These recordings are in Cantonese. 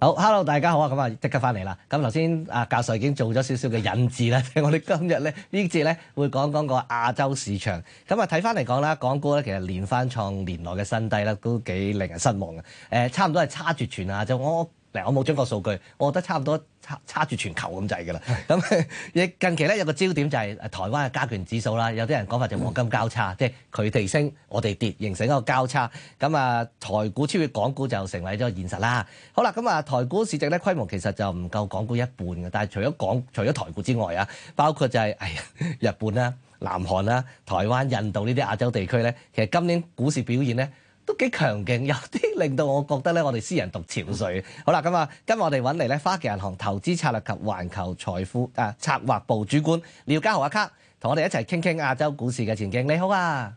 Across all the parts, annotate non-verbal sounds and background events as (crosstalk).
好，hello，大家好啊！咁啊，即刻翻嚟啦。咁頭先啊，教授已經做咗少少嘅引子啦。我哋今日咧呢節咧會講講個亞洲市場。咁啊，睇翻嚟講啦，港股咧其實連翻創年內嘅新低啦，都幾令人失望嘅。誒，差唔多係差絕全亞洲！就我。我冇中國數據，我覺得差唔多差差住全球咁滯嘅啦。咁你是近期咧有個焦點就係台灣嘅加權指數啦，有啲人講法就黃金交叉，即係佢哋升我哋跌，形成一個交叉。咁啊，台股超越港股就成為咗現實啦。好啦，咁啊，台股市值咧規模其實就唔夠港股一半嘅，但係除咗港除咗台股之外啊，包括就係、是哎、日本啦、南韓啦、台灣、印度呢啲亞洲地區咧，其實今年股市表現咧。都幾強勁，有 (laughs) 啲令到我覺得咧，我哋私人讀潮水。好啦，咁啊，今日我哋揾嚟咧，花旗銀行投資策略及環球財富誒、啊、策劃部主管廖家豪阿卡，同我哋一齊傾傾亞洲股市嘅前景。你好啊！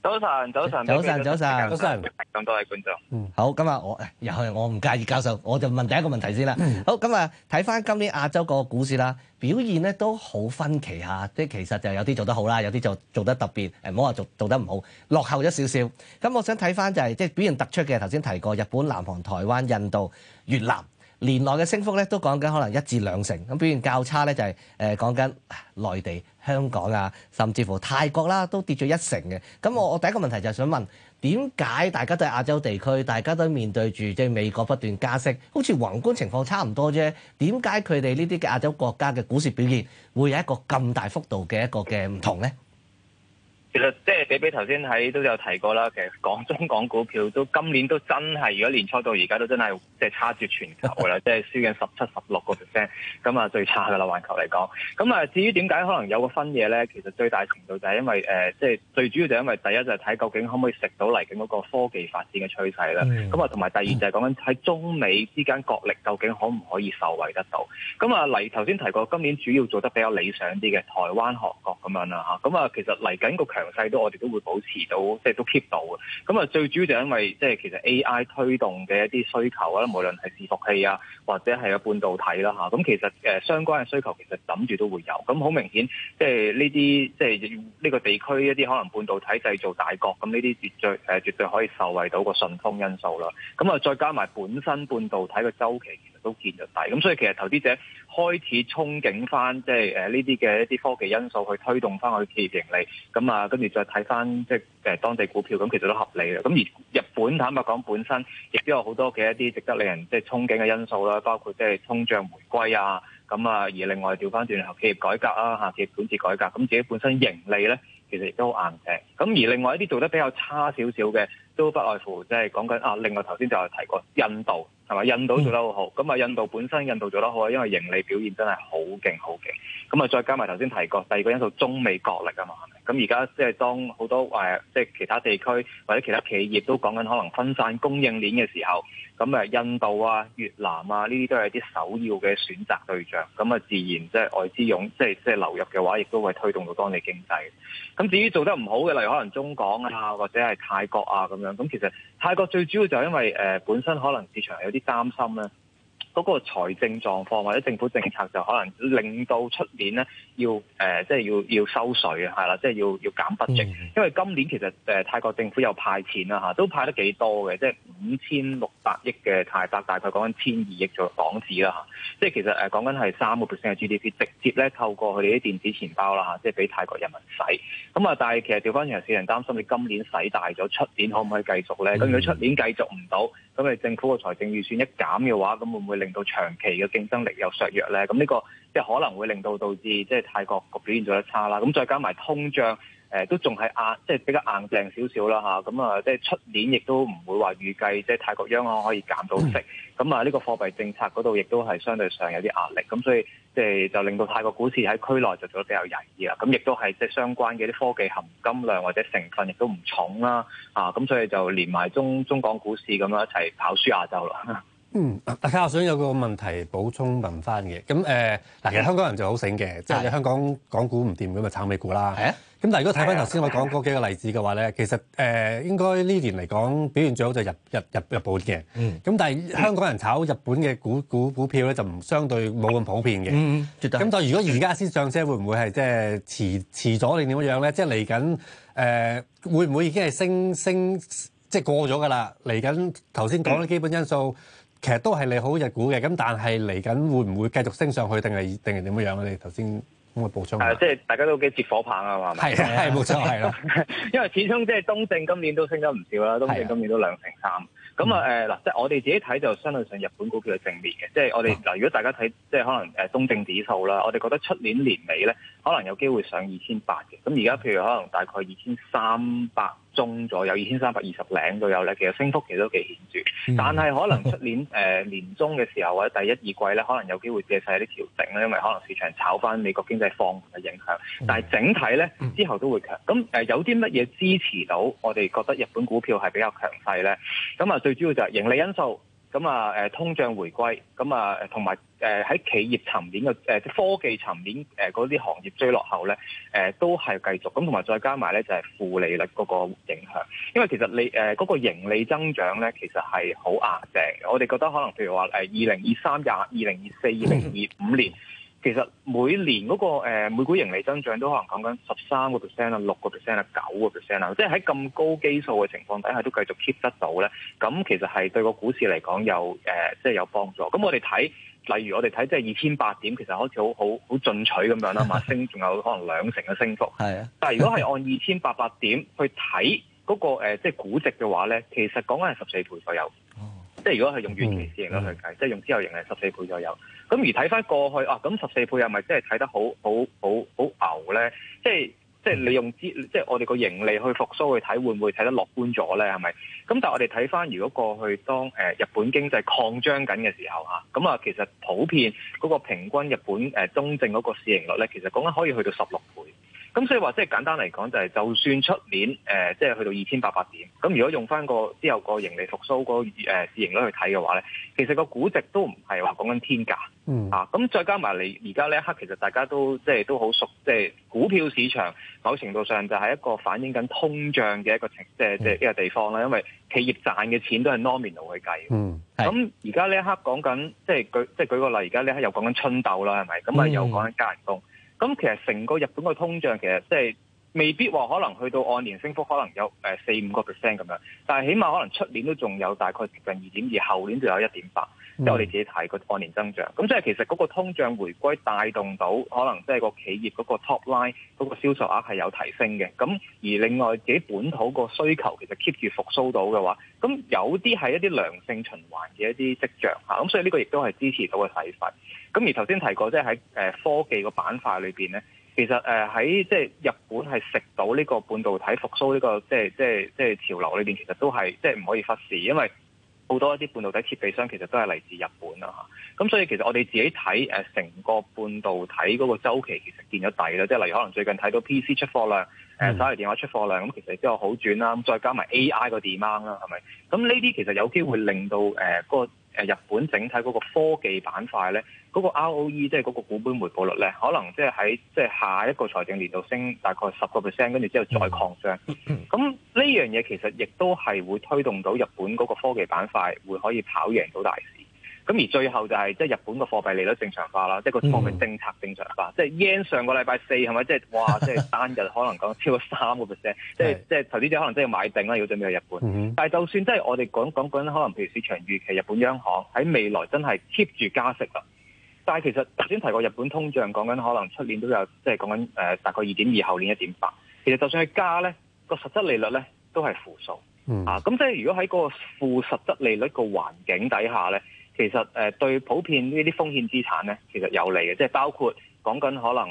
早晨，早晨，早晨，早晨，早晨，咁多位觀眾。嗯，好，咁我又係我唔介意教授，我就問第一個問題先啦。嗯，好，咁啊睇翻今年亞洲個股市啦，表現咧都好分歧吓，即係其實就有啲做得好啦，有啲做做得特別，誒，唔好話做做得唔好，落後咗少少。咁我想睇翻就係即係表現突出嘅，頭先提過日本、南韓、台灣、印度、越南。年內嘅升幅咧都講緊可能一至兩成，咁表現較差咧就係誒講緊內地、香港啊，甚至乎泰國啦、啊、都跌咗一成嘅。咁我我第一個問題就想問，點解大家都係亞洲地區，大家都面對住即係美國不斷加息，好似宏觀情況差唔多啫，點解佢哋呢啲嘅亞洲國家嘅股市表現會有一個咁大幅度嘅一個嘅唔同咧？其實即係比比頭先喺都有提過啦，其實港中港股票都今年都真係如果年初到而家都真係即係差住全球 (laughs) 17，啦，即係輸緊十七十六個 percent，咁啊最差噶啦，環球嚟講。咁啊至於點解可能有個分野咧，其實最大程度就係因為誒，即、呃、係最主要就係因為第一就係、是、睇究竟可唔可以食到嚟緊嗰個科技發展嘅趨勢啦。咁啊同埋第二就係講緊喺中美之間角力究竟可唔可以受惠得到。咁啊嚟頭先提過今年主要做得比較理想啲嘅台灣韓國咁樣啦嚇，咁啊其實嚟緊個強細都我哋都會保持到，即係都 keep 到嘅。咁啊，最主要就因為即係其實 A.I. 推動嘅一啲需求啊，無論係伺服器啊，或者係嘅半導體啦嚇。咁其實誒相關嘅需求其實諗住都會有。咁好明顯，即係呢啲即係呢、呢個地區一啲可能半導體製造大國，咁呢啲絕對誒絕對可以受惠到個順風因素啦。咁啊，再加埋本身半導體嘅周期其實都見咗底。咁所以其實投資者開始憧憬翻，即係誒呢啲嘅一啲科技因素去推動翻佢企業盈利。咁啊～跟住再睇翻即係、呃、當地股票，咁其實都合理嘅。咁而日本坦白講，本身亦都有好多嘅一啲值得令人即係憧憬嘅因素啦，包括即係通脹回歸啊。咁啊，而另外調翻轉後企業改革啦，企業管治改革，咁、啊、自己本身盈利咧，其實亦都好硬淨。咁、啊、而另外一啲做得比較差少少嘅。都不外乎即係講緊啊，另外頭先就係提過印度係嘛？印度做得好好，咁啊印度本身印度做得好啊，因為盈利表現真係好勁好勁。咁啊再加埋頭先提過第二個因素，中美角力啊嘛，咁而家即係當好多誒，即係其他地區或者其他企業都講緊可能分散供應鏈嘅時候，咁啊印度啊越南啊呢啲都係啲首要嘅選擇對象。咁啊自然即係外資湧即係即係流入嘅話，亦都會推動到當地經濟。咁至於做得唔好嘅，例如可能中港啊或者係泰國啊咁樣。咁其實泰國最主要就係因為誒、呃、本身可能市場有啲擔心咧。嗰個財政狀況或者政府政策就可能令到出年咧要誒、呃，即係要要收稅啊，係啦，即係要要減 budget。因為今年其實誒、呃、泰國政府又派錢啦嚇、啊，都派得幾多嘅，即係五千六百億嘅泰幣，大概講緊千二億做港紙啦嚇。即係其實誒講、呃、緊係三個 percent 嘅 GDP 直接咧，透過佢哋啲電子錢包啦嚇、啊，即係俾泰國人民使。咁啊，但係其實調翻轉嚟，市場擔心你今年使大咗，出年可唔可以繼續咧？咁、嗯、如果出年繼續唔到，咁你政府嘅財政預算一減嘅話，咁會唔會？令到長期嘅競爭力又削弱咧，咁、這、呢個即係可能會令到導致即係泰國個表現做得差啦。咁再加埋通脹，誒都仲係硬，即係比較硬淨少少啦嚇。咁啊，即係出年亦都唔會話預計即係泰國央行可以減到息。咁啊、嗯，呢個貨幣政策嗰度亦都係相對上有啲壓力。咁所以即係就令到泰國股市喺區內就做得比較曳啲啊。咁亦都係即係相關嘅啲科技含金量或者成分亦都唔重啦。啊，咁所以就連埋中中港股市咁樣一齊跑輸亞洲啦。啊嗯，嗱，我想有個問題補充問翻嘅，咁誒，嗱、呃，其實香港人就好醒嘅，的即係香港港股唔掂，咁咪炒美股啦。係啊的。咁但係如果睇翻頭先我講嗰幾個例子嘅話咧，的其實誒、呃、應該呢年嚟講表現最好就日日日本嘅。咁、嗯、但係香港人炒日本嘅股股股票咧，就唔相對冇咁普遍嘅。咁、嗯、但係如果而家先上車，會唔會係即係遲遲咗定點樣咧？即係嚟緊誒，會唔會已經係升升即係過咗㗎啦？嚟緊頭先講嘅基本因素。其實都係你好日股嘅，咁但係嚟緊會唔會繼續升上去，定係定係點樣樣？我哋頭先咁嘅補充。誒，即係大家都幾接火棒啊嘛？係係，冇錯係啦。 (laughs) (laughs) 因為始終即係東證今年都升得唔少啦，東證今年都兩成三。咁的啊誒嗱、呃，即係我哋自己睇就相對上日本股票係正面嘅，即係我哋嗱、啊、如果大家睇即係可能誒東證指數啦，我哋覺得出年年尾咧。可能有機會上二千八嘅，咁而家譬如可能大概二千三百中左右，二千三百二十領左右咧，其實升幅其實都幾顯著，但係可能出年誒、呃、年中嘅時候或者第一二季咧，可能有機會借勢啲調整咧，因為可能市場炒翻美國經濟放緩嘅影響，但係整體咧之後都會強。咁誒有啲乜嘢支持到我哋覺得日本股票係比較強勢咧？咁啊最主要就係盈利因素。咁啊，誒通脹回歸，咁啊，同埋誒喺企業層面嘅誒、呃、科技層面誒嗰啲行業追落後咧，誒、呃、都係繼續咁，同埋再加埋咧就係負利率嗰個影響，因為其實你誒嗰、呃那個盈利增長咧，其實係好壓正，我哋覺得可能譬如話誒二零二三廿、二零二四、二零二五年。 (laughs) 其實每年嗰、個、呃、每股盈利增長都可能講緊十三個 percent 啊、六個 percent 啊、九個 percent 啊，即係喺咁高基數嘅情況底下都繼續 keep 得到咧，咁其實係對個股市嚟講有誒、呃，即係有幫助。咁我哋睇，例如我哋睇即係二千八點，其實好似好好好進取咁樣啦，嘛升仲有可能兩成嘅升幅。係啊，但係如果係按二千八百點去睇嗰、個、呃、即係估值嘅話咧，其實講緊係十四倍左右。即係如果係用預期市盈率去計，嗯、即係用之後盈利十四倍左右。咁而睇翻過去啊，咁十四倍係咪真係睇得好好好好牛咧？即係即係你用資，即係我哋個盈利去復甦去睇，會唔會睇得樂觀咗咧？係咪？咁但係我哋睇翻如果過去當誒、呃、日本經濟擴張緊嘅時候嚇，咁啊其實普遍嗰個平均日本誒、呃、中正嗰個市盈率咧，其實講緊可以去到十六倍。咁所以話即係簡單嚟講，就係就算出年誒，即係去到二千八百點，咁如果用翻個之後個盈利復甦個誒市盈率去睇嘅話咧，其實個估值都唔係話講緊天價，嗯啊，咁再加埋你而家呢一刻，其實大家都即係都好熟，即係股票市場某程度上就係一個反映緊通脹嘅一個情，即係即係一個地方啦。嗯、因為企業賺嘅錢都係 nominal 去計嗯，咁而家呢一刻講緊即係舉即係舉個例，而家呢刻又講緊春鬥啦，係咪？咁啊、嗯、又講緊加人工。咁其實成個日本嘅通脹其實即係未必話可能去到按年升幅可能有誒四五個 percent 咁樣，但係起碼可能出年都仲有大概接近二點二，後年就有一點八。即係我哋自己睇個按年增長，咁即係其實嗰個通脹回歸帶動到可能即係個企業嗰個 top line 嗰個銷售額係有提升嘅，咁而另外自己本土個需求其實 keep 住復甦到嘅話，咁有啲係一啲良性循環嘅一啲跡象嚇，咁所以呢個亦都係支持到嘅睇法。咁而頭先提過，即係喺誒科技個板塊裏邊咧，其實誒喺即係日本係食到呢個半導體復甦呢個即係即係即係潮流裏邊，其實都係即係唔可以忽視，因為。好多一啲半導體設備商其實都係嚟自日本啊，咁所以其實我哋自己睇誒成個半導體嗰個週期其實見咗底啦，即係例如可能最近睇到 PC 出貨量，誒、呃、手提電話出貨量咁其實都有好轉啦，再加埋 AI 個 demand 啦，係咪？咁呢啲其實有機會令到誒嗰、呃嗰個日本整體嗰個科技板塊咧，嗰個 ROE 即係嗰個股本回報率咧，可能即係喺即係下一個財政年度升大概十個 percent，跟住之後再擴張。嗯嗯。咁呢樣嘢其實亦都係會推動到日本嗰個科技板塊會可以跑贏到大咁而最後就係即係日本個貨幣利率正常化啦，即係個貨幣政策正常化。Mm hmm. 即係 yen 上個禮拜四係咪即係哇，即係單日可能講超過三個 percent。即係即係頭先可能真係買定啦，如果準備去日本。Mm hmm. 但係就算即係我哋講講緊，說說可能譬如市場預期日本央行喺未來真係 keep 住加息啦。但係其實頭先提過日本通脹講緊可能出年都有即係講緊誒大概二點二，後年一點八。其實就算係加咧，個實質利率咧都係負數。Mm hmm. 啊，咁即係如果喺個負實質利率個環境底下咧，其實誒對普遍險資呢啲風險資產咧，其實有利嘅，即係包括講緊可能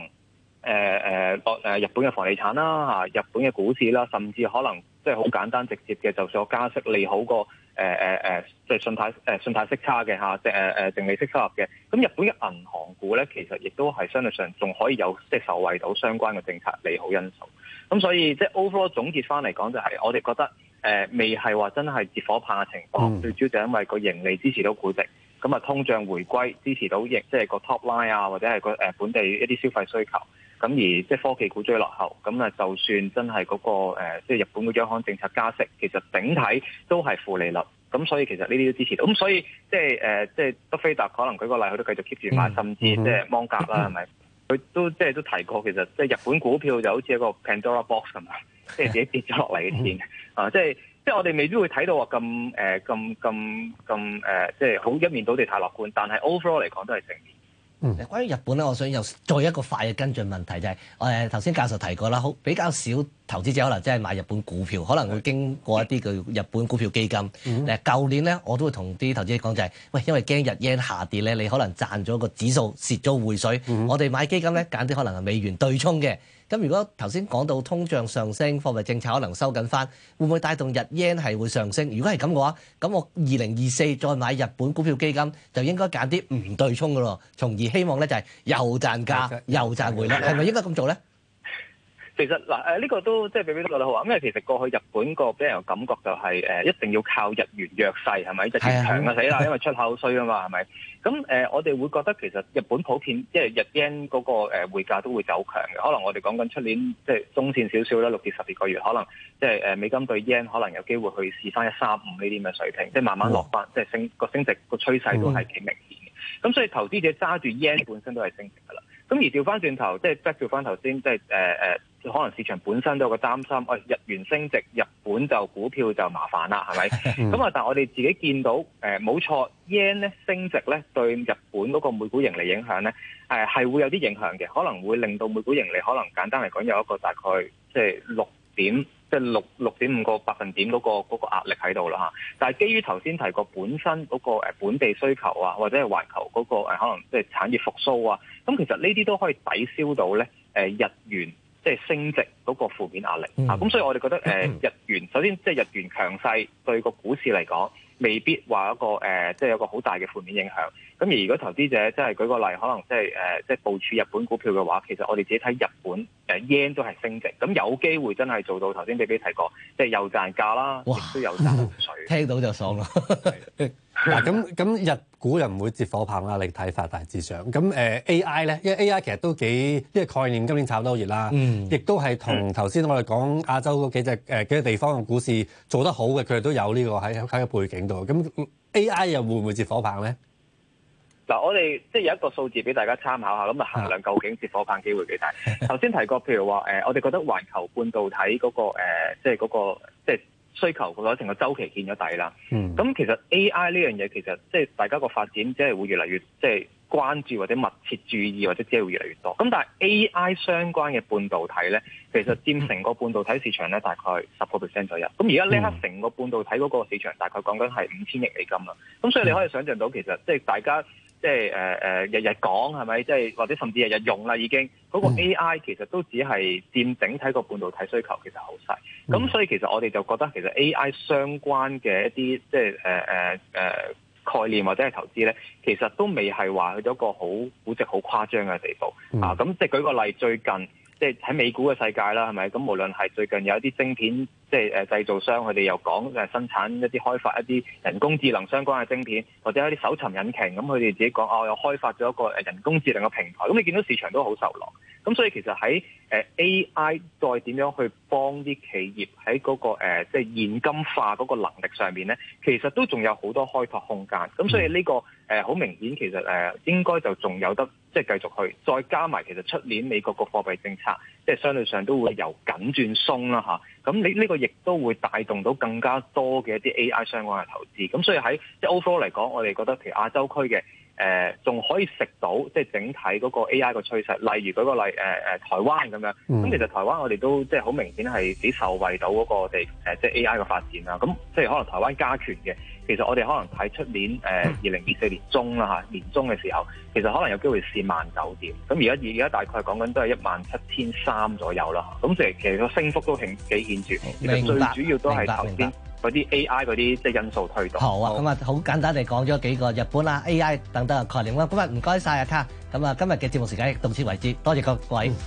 誒誒誒日本嘅房地產啦嚇，日本嘅股市啦，甚至可能即係好簡單直接嘅，就所加息利好個誒誒誒，即、呃、係、呃、信貸誒、呃、信貸息差嘅嚇，淨誒誒淨利息收入嘅。咁日本嘅銀行股咧，其實亦都係相對上仲可以有即、即係、受惠到相關嘅政策利好因素。咁所以即係 overall 總結翻嚟講，就係我哋覺得。誒、嗯、未係話真係接火棒嘅情況，嗯、最主要就因為個盈利支持到估值，咁啊通脹回歸支持到盈，即、就、係、是、個 top line 啊，或者係個誒本地一啲消費需求，咁而即係科技股追落後，咁啊就算真係嗰、那個即係、呃就是、日本嘅央行政策加息，其實整體都係負利率，咁所以其實呢啲都支持到，咁、嗯、所以即係誒即係德菲達可能舉個例，佢都繼續 keep 住買，甚至即係芒格啦，係、嗯、咪？佢都即係、就是、都，都提過，其實即係日本股票就好似一個 Pandora box 係嘛，即係自己跌咗落嚟嘅錢。嗯。啊、uh，即係即係我哋未必會睇到話咁誒咁咁咁誒，即係好一面倒地太樂觀。但係 overall 嚟講都係正面。嗯，誒，關於日本咧，我想又再一個快嘅跟進問題就係、是、誒，頭先教授提過啦，好比較少投資者可能真係買日本股票，可能會經過一啲嘅日本股票基金。誒、嗯，舊年咧，我都會同啲投資者講就係、是，喂，因為驚日 yen 下跌咧，你可能賺咗個指數蝕咗匯水，嗯、我哋買基金咧，揀啲可能係美元對沖嘅。咁如果頭先講到通脹上升，貨幣政策可能收緊返，會唔會帶動日元係會上升？如果係咁嘅話，咁我二零二四再買日本股票基金，就應該揀啲唔對沖嘅咯，從而希望咧就係又賺價 (laughs) 又賺匯率，係咪應該咁做咧？其實嗱誒呢個都即係比比都覺得好啊，因為 (noise) 其實過去日本個俾人感覺就係、是、誒、呃、一定要靠日元弱勢係咪就越強啊死啦，因為出口衰啊嘛係咪？咁誒、呃、我哋會覺得其實日本普遍即係日元嗰個誒匯價都會走強嘅，可能我哋講緊出年即係中線少少啦，六至十二個月，可能即係誒美金對 yen 可能有機會去試翻一三五呢啲咁嘅水平， (noise) 即係慢慢落翻，即、就、係、是、升個升，升值個趨勢都係幾明顯咁 (noise) (noise) 所以投資者揸住 yen 本身都係升值㗎啦。咁而調翻轉頭，即係即係調翻頭先，即係誒誒。呃嗯嗯嗯嗯嗯可能市場本身都有個擔心，哦，日元升值，日本就股票就麻煩啦，係咪？咁啊，但係我哋自己見到，誒，冇錯，yen 咧升值咧，對日本嗰個每股盈利影響咧，誒係會有啲影響嘅，可能會令到每股盈利可能簡單嚟講有一個大概即係六點，即係六六點五個百分點嗰個嗰個壓力喺度啦嚇。但係基於頭先提過本身嗰個誒本地需求啊，或者係環球嗰個誒可能即係產業復甦啊，咁其實呢啲都可以抵消到咧誒日元。即係升值嗰個負面壓力、嗯、啊，咁所以我哋覺得誒日元首先即係日元強勢對個股市嚟講，未必話一個誒、呃、即係有個好大嘅負面影響。咁而如果投資者即係舉個例，可能即係誒、呃、即係部署日本股票嘅話，其實我哋自己睇日本誒 yen、呃、都係升值，咁有機會真係做到頭先 B B 提過，即係又賺價啦，亦都有，哇有賺水，聽到就爽啦。嗯 (laughs) 嗱咁咁日股又唔會接火棒啦，你睇法大致上咁誒、呃、A I 咧，因為 A I 其實都幾呢個概念，今年炒得好熱啦，嗯，亦都係同頭先我哋講亞洲嗰幾隻誒、呃、幾個地方嘅股市做得好嘅，佢哋都有呢個喺喺個背景度。咁、嗯、A I 又會唔會接火棒咧？嗱、啊，我哋即係有一個數字俾大家參考下，咁啊衡量究竟接火棒機會幾大。頭先 (laughs) 提過，譬如話誒、呃，我哋覺得環球半導體嗰個、呃呃、即係、那、嗰個即係、那個。即即需求個成個周期見咗底啦，咁、嗯、其實 AI 呢樣嘢其實即係大家個發展即係會越嚟越即係關注或者密切注意或者即係會越嚟越多，咁但係 AI 相關嘅半導體咧，其實佔成個半導體市場咧大概十個 percent 左右，咁而家呢刻成個半導體嗰個市場大概講緊係五千億美金啦，咁所以你可以想象到其實即係大家。即係誒誒日日講係咪？即係或者甚至日日用啦已經。嗰個 AI 其實都只係佔整體個半導體需求其實好細。咁所以其實我哋就覺得其實 AI 相關嘅一啲即係誒誒誒概念或者係投資咧，其實都未係話去到個好估值好誇張嘅地步啊。咁即係舉個例，最近即係喺美股嘅世界啦，係咪？咁無論係最近有一啲晶片。即係誒製造商，佢哋又講誒生產一啲開發一啲人工智能相關嘅晶片，或者一啲搜尋引擎，咁佢哋自己講哦，我又開發咗一個誒人工智能嘅平台。咁、嗯、你見到市場都好受落，咁、嗯、所以其實喺誒 AI 再點樣去幫啲企業喺嗰、那個即係、呃就是、現金化嗰個能力上面咧，其實都仲有好多開拓空間。咁、嗯、所以呢、這個誒好、呃、明顯，其實誒、呃、應該就仲有得即係、就是、繼續去再加埋。其實出年美國個貨幣政策。即係相對上都會由緊轉鬆啦吓，咁你呢、這個亦都會帶動到更加多嘅一啲 AI 相關嘅投資。咁、啊、所以喺即係 overall 嚟講，我哋覺得譬如亞洲區嘅。誒仲可以食到，即係整體嗰個 AI 嘅趨勢，例如嗰、那個例誒誒台灣咁樣。咁、嗯、其實台灣我哋都即係好明顯係幾受惠到嗰個我哋，即、呃、係、就是、AI 嘅發展啦。咁即係可能台灣加權嘅，其實我哋可能睇出年誒二零二四年中啦嚇，年中嘅時候，其實可能有機會試萬九點。咁而家而家大概講緊都係一萬七千三左右啦。咁其其實個升幅都挺幾顯著，明白，其實最主要都係頭先，嗰啲 AI 嗰啲即係因素推動好啊，咁啊好，好、嗯、簡單地講咗幾個日本啦，啊，AI 等等嘅概念。咁啊，唔該曬啊卡。咁啊，今日嘅節目時間到此為止，多謝各位。嗯